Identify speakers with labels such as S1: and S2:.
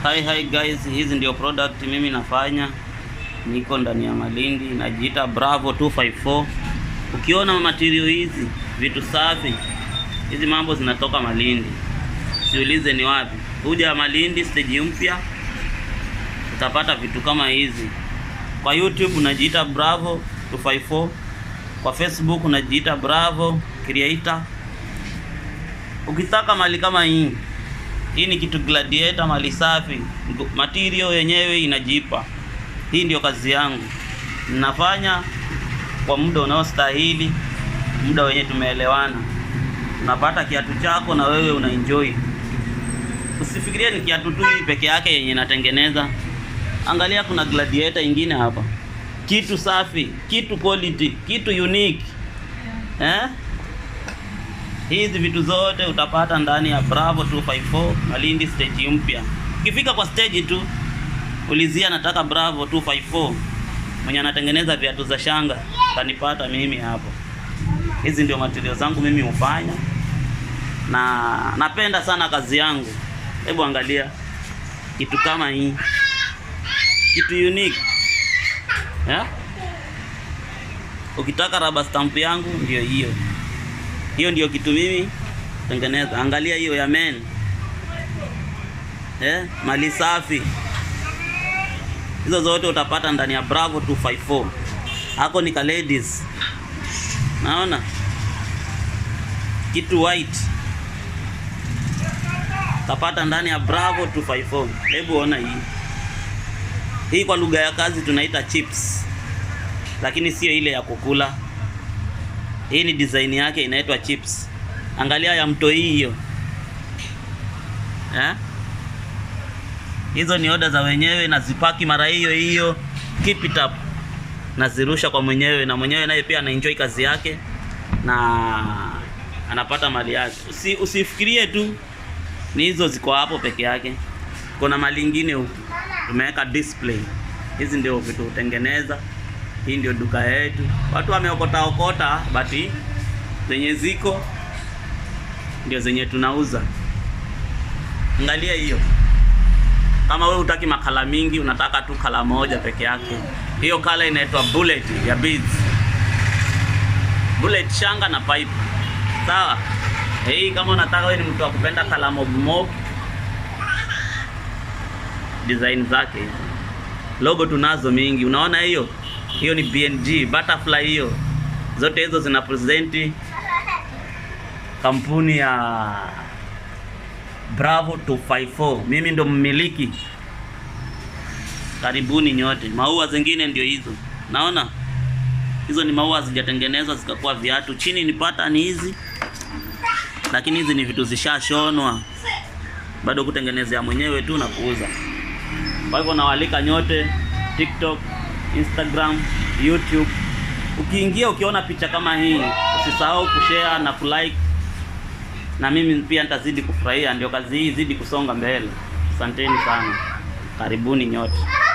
S1: Hi, hi guys, hizi ndio product mimi nafanya, niko ndani ya Malindi, najiita Bravo 254. Ukiona material hizi vitu safi hizi, mambo zinatoka Malindi, siulize ni wapi. Huja Malindi stage mpya, utapata vitu kama hizi. Kwa YouTube unajiita Bravo 254, kwa Facebook unajiita Bravo Creator. Ukitaka mali kama hii hii ni kitu Gladiator mali safi, material yenyewe inajipa. Hii ndio kazi yangu, nafanya kwa muda unaostahili, muda wenyewe tumeelewana, unapata kiatu chako na wewe una enjoy. Usifikirie ni kiatu tu peke yake yenye natengeneza. Angalia, kuna Gladiator ingine hapa, kitu safi, kitu quality, kitu unique, eh Hizi vitu zote utapata ndani ya Bravo 254 Malindi stage mpya. Ukifika kwa stage tu ulizia, nataka Bravo 254 mwenye anatengeneza viatu za shanga, kanipata mimi hapo. Hizi ndio material zangu mimi hufanya na napenda sana kazi yangu. Hebu angalia kitu kama hii, kitu unique yeah? Ukitaka rubber stamp yangu ndio hiyo. Hiyo ndio kitu mimi tengeneza. Angalia hiyo ya men eh, mali safi. Hizo zote utapata ndani ya Bravo 254. Hako ni ka ladies, naona kitu white utapata ndani ya Bravo 254. Hebu ona hii hii, kwa lugha ya kazi tunaita chips, lakini sio ile ya kukula. Hii ni design yake inaitwa chips. Angalia ya hii hiyo eh? Hizo ni oda za wenyewe, nazipaki mara hiyo hiyo, keep it up, nazirusha kwa mwenyewe, na mwenyewe naye pia anaenjoy kazi yake na anapata mali yake. Usi, usifikirie tu ni hizo ziko hapo peke yake, kuna mali ingine huko. tumeweka display. Hizi ndio vitu hutengeneza hii ndio duka yetu, watu wameokota okota bati zenye ziko ndio zenye tunauza. Angalia hiyo, kama wewe utaki makala mingi, unataka tu kala moja peke yake. Hiyo kala inaitwa bullet ya beads, bullet shanga na pipe, sawa. Hii kama unataka wewe ni mtu wa kupenda kala mob mob, design zake logo tunazo mingi, unaona hiyo hiyo ni BNG butterfly. Hiyo zote hizo zina present kampuni ya Bravo 254. Mimi ndo mmiliki. Karibuni nyote. Maua zingine ndio hizo, naona hizo ni maua hazijatengenezwa zikakuwa viatu. Chini ni pattern hizi, lakini hizi ni vitu zishashonwa, bado kutengenezea mwenyewe tu na kuuza. Kwa hivyo nawaalika nyote TikTok Instagram, YouTube. Ukiingia ukiona picha kama hii, usisahau kushare na kulike, na mimi pia nitazidi kufurahia. Ndio kazi hii izidi kusonga mbele. Asanteni sana, karibuni nyote.